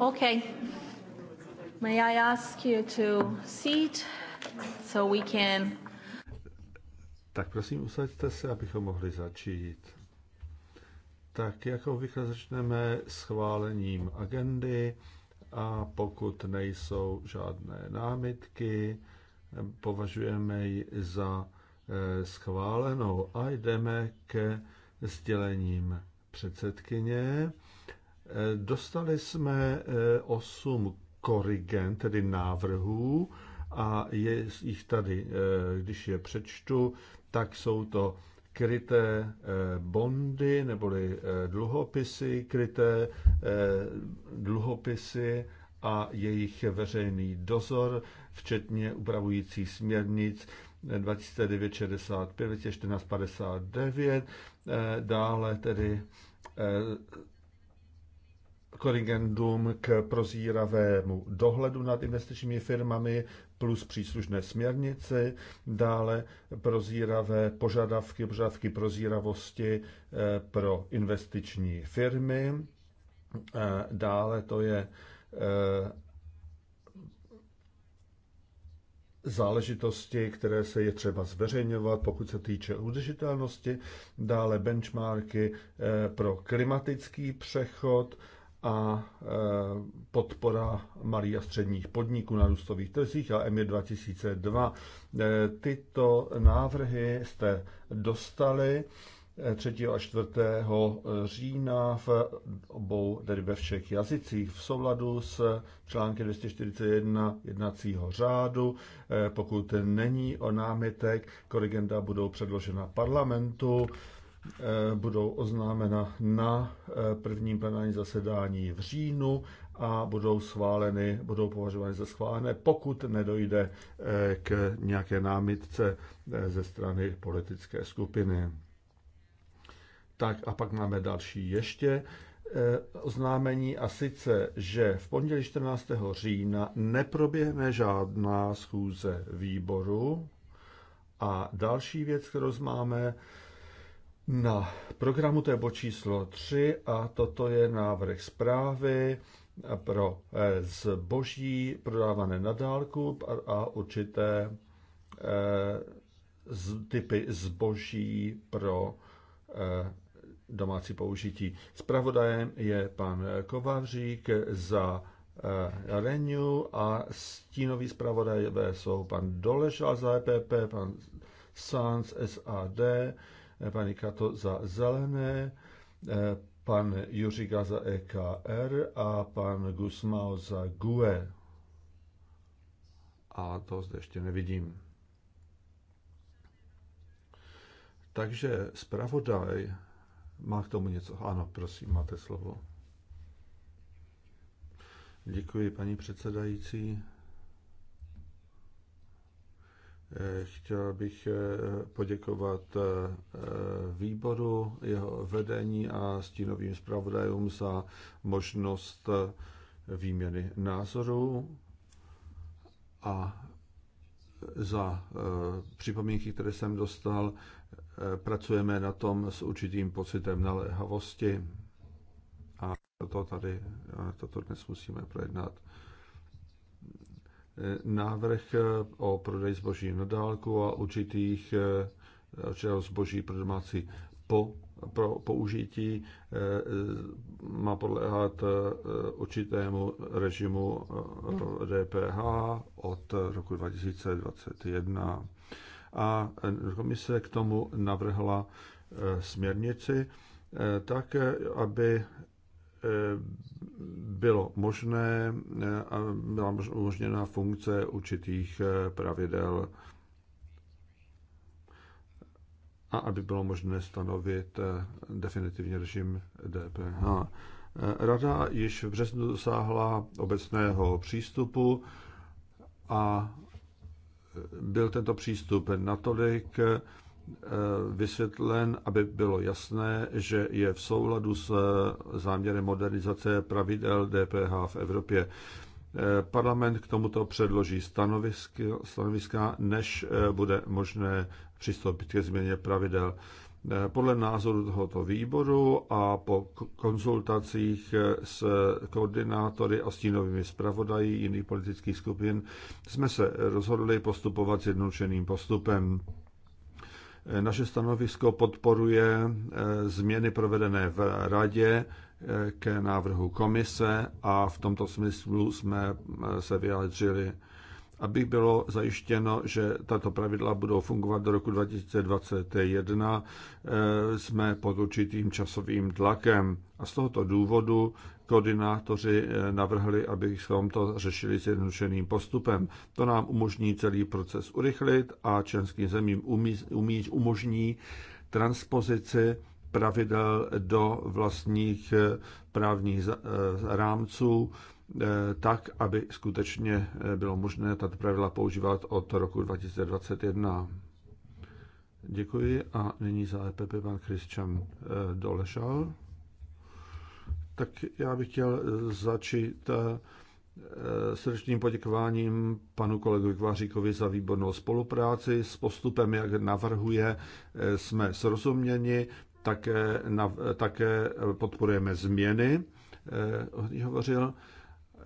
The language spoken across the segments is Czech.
Okay. May I ask you to seat so we can... Tak prosím, usaďte se, abychom mohli začít. Tak jako obvykle začneme schválením agendy a pokud nejsou žádné námitky, považujeme ji za eh, schválenou a jdeme ke sdělením předsedkyně. Eh, dostali jsme eh, osm korigen, tedy návrhů, a je jich tady, eh, když je přečtu, tak jsou to kryté bondy neboli dluhopisy, kryté dluhopisy a jejich veřejný dozor, včetně upravující směrnic 2965, 1459, dále tedy korrigendum k prozíravému dohledu nad investičními firmami plus příslušné směrnici, dále prozíravé požadavky, požadavky prozíravosti eh, pro investiční firmy, eh, dále to je eh, záležitosti, které se je třeba zveřejňovat, pokud se týče udržitelnosti, dále benchmarky pro klimatický přechod, a eh, podpora malých a středních podniků na růstových trzích a EMIR 2002. Eh, tyto návrhy jste dostali 3. Eh, a 4. října v obou, tedy ve všech jazycích v souladu s články 241 jednacího řádu. Pokud není o námitek, korigenda budou předložena parlamentu Eh, budou oznámena na eh, prvním plenárním zasedání v říjnu a budou schváleny, budou považovány za schválené, pokud nedojde eh, k nějaké námitce ze strany politické skupiny. Tak a pak máme další ještě oznámení a sice, že v pondělí 14. října neproběhne žádná schůze výboru a další věc, kterou máme, na programu to je bod číslo 3 a toto je návrh zprávy pro eh, zboží prodávané na dálku a určité eh, typy zboží pro eh, domácí použití. Spravodajem je pan Kovářík za Renew a stínový zpravodajové jsou pan Doležal za EPP, pan Sans SAD, Paní Kato za zelené, eh, pan Juříka za EKR a pan Gusmao za GUE. A to zde ještě nevidím. Takže zpravodaj má k tomu něco. Ano, prosím, máte slovo. Děkuji, paní předsedající. Chtěl bych eh, poděkovat eh, výboru, jeho vedení a stínovým zpravodajům za možnost eh, výměny názorů a za připomínky, které jsem dostal. Pracujeme na tom s určitým pocitem naléhavosti a to tady toto dnes musíme projednat. Eh, návrh eh, o prodej zboží na dálku a určitých eh, zboží pro domácí po, pro použití má podléhat určitému režimu DPH od roku 2021. A komise k tomu navrhla směrnici tak, aby bylo možné eh, a byla umožněna funkce určitých eh, pravidel a aby bylo možné stanovit eh, definitivní režim DPH. Rada již v březnu dosáhla obecného přístupu a byl tento přístup natolik Eh, vysvětlen, aby bylo jasné, že je v souladu s eh, záměrem modernizace pravidel DPH v Evropě. Eh, Parlament k tomuto předloží stanoviska, než bude možné přistoupit ke změně pravidel. Podle názoru tohoto výboru a po konzultacích s koordinátory a stínovými zpravodají jiných politických skupin jsme se rozhodli postupovat s zjednodušeným postupem. Naše stanovisko podporuje eh, změny provedené v radě eh, ke návrhu komise a v tomto smyslu jsme eh, se vyjádřili, aby bylo zajištěno, že tato pravidla budou fungovat do roku 2021, jsme pod určitým časovým tlakem. A z tohoto důvodu koordinátoři eh, navrhli, abychom to řešili s jednodušeným postupem. To nám umožní celý proces urychlit a členským zemím umí, umí, umožní transpozici pravidel do vlastních eh, právních eh, rámců, tak, aby skutečně bylo možné tato pravidla používat od roku 2021. Děkuji a nyní za EPP pan Christian Dolešal. Tak já bych chtěl začít eh, srdečným poděkováním panu kolegovi Kváříkovi za výbornou spolupráci. S postupem, jak navrhuje, eh, jsme srozuměni, také, eh, také podporujeme změny, o hovořil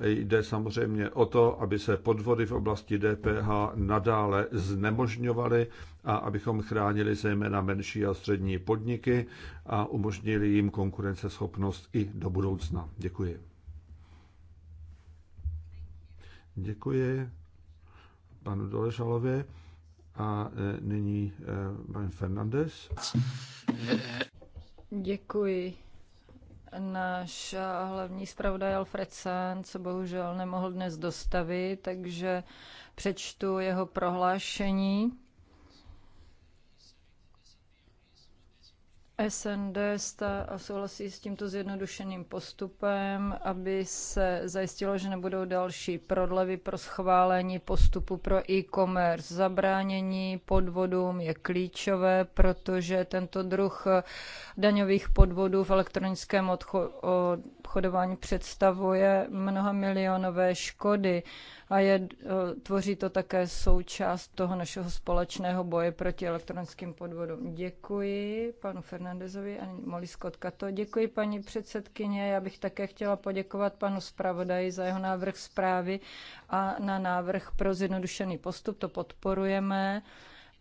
jde samozřejmě o to, aby se podvody v oblasti DPH nadále znemožňovaly a abychom chránili zejména menší a střední podniky a umožnili jim konkurenceschopnost i do budoucna. Děkuji. Děkuji panu Doležalovi a e, nyní e, pan Fernandez. Děkuji. Náš eh, hlavní zpravodaj Alfred co bohužel nemohl dnes dostavit, takže přečtu jeho prohlášení. SND sta a souhlasí s tímto zjednodušeným postupem, aby se zajistilo, že nebudou další prodlevy pro schválení postupu pro e-commerce. Zabránění podvodům je klíčové, protože tento druh daňových podvodů v elektronickém obchodování představuje mnoha milionové škody a je, eh, tvoří to také součást toho našeho společného boje proti elektronickým podvodům. Děkuji panu Fernandezovi a Molly Skotka to. Děkuji paní předsedkyně. Já bych také chtěla poděkovat panu zpravodaji za jeho návrh zprávy a na návrh pro zjednodušený postup. To podporujeme.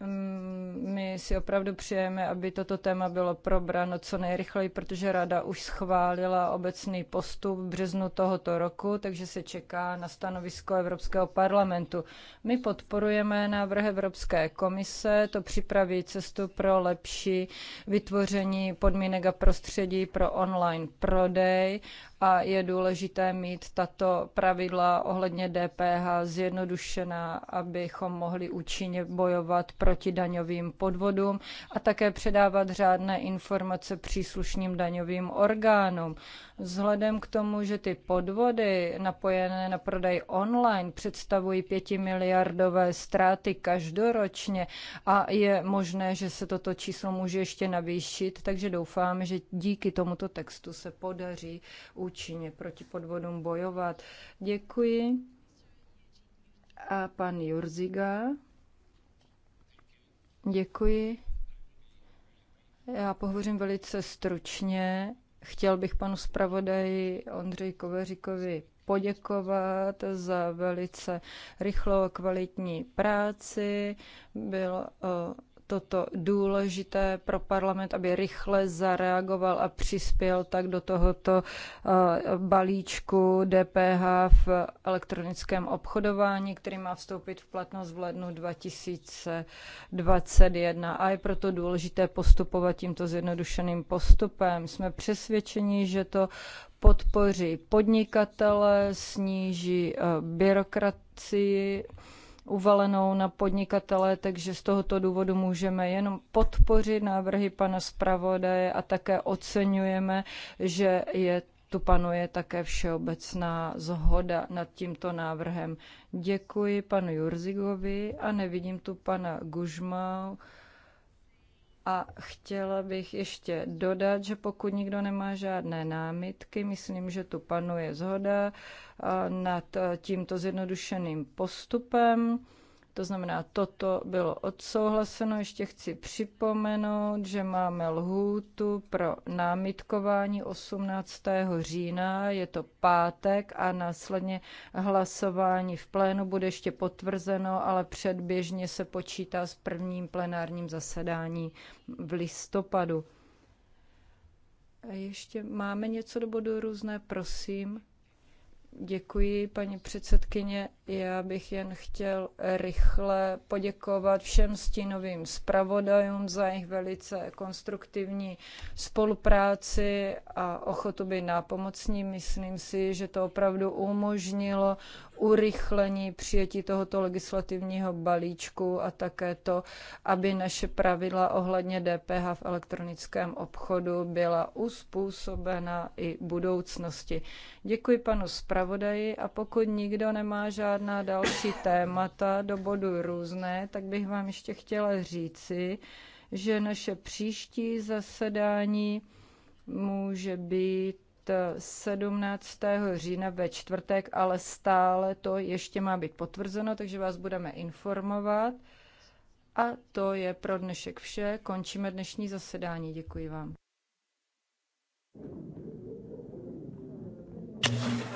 Mm, my si opravdu přejeme, aby toto téma bylo probrano co nejrychleji, protože Rada už schválila obecný postup v březnu tohoto roku, takže se čeká na stanovisko Evropského parlamentu. My podporujeme návrh Evropské komise, to připraví cestu pro lepší vytvoření podmínek a prostředí pro online prodej a je důležité mít tato pravidla ohledně DPH zjednodušená, abychom mohli účinně bojovat proti daňovým podvodům a také předávat řádné informace příslušným daňovým orgánům. Vzhledem k tomu, že ty podvody napojené na prodej online představují pětimiliardové ztráty každoročně a je možné, že se toto číslo může ještě navýšit, takže doufám, že díky tomuto textu se podaří účinně proti podvodům bojovat. Děkuji. A pan Jurziga. Děkuji. Já pohovořím velice stručně. Chtěl bych panu zpravodaji Ondřej Koveříkovi poděkovat za velice rychlou a kvalitní práci. Byl eh, toto důležité pro parlament, aby rychle zareagoval a přispěl tak do tohoto eh, balíčku DPH v elektronickém obchodování, který má vstoupit v platnost v lednu 2021. A je proto důležité postupovat tímto zjednodušeným postupem. Jsme přesvědčeni, že to podpoří podnikatele, sníží eh, byrokracii, uvalenou na podnikatele, takže z tohoto důvodu můžeme jenom podpořit návrhy pana zpravodaje a také oceňujeme, že je tu panuje také všeobecná zhoda nad tímto návrhem. Děkuji panu Jurzigovi a nevidím tu pana Gužmau a chtěla bych ještě dodat, že pokud nikdo nemá žádné námitky, myslím, že tu panuje zhoda eh, nad eh, tímto zjednodušeným postupem. To znamená, toto bylo odsouhlaseno. Ještě chci připomenout, že máme lhůtu pro námitkování 18. října, je to pátek a následně hlasování v plénu bude ještě potvrzeno, ale předběžně se počítá s prvním plenárním zasedání v listopadu. A ještě máme něco do bodu různé, prosím. Děkuji, paní předsedkyně. Já bych jen chtěl rychle poděkovat všem stínovým zpravodajům za jejich velice konstruktivní spolupráci a ochotu být nápomocní. Myslím si, že to opravdu umožnilo urychlení přijetí tohoto legislativního balíčku a také to, aby naše pravidla ohledně DPH v elektronickém obchodu byla uspůsobena i budoucnosti. Děkuji panu zpravodaju zpravodaji a pokud nikdo nemá žádná další témata do bodu různé, tak bych vám ještě chtěla říci, že naše příští zasedání může být 17. října ve čtvrtek, ale stále to ještě má být potvrzeno, takže vás budeme informovat. A to je pro dnešek vše. Končíme dnešní zasedání. Děkuji vám.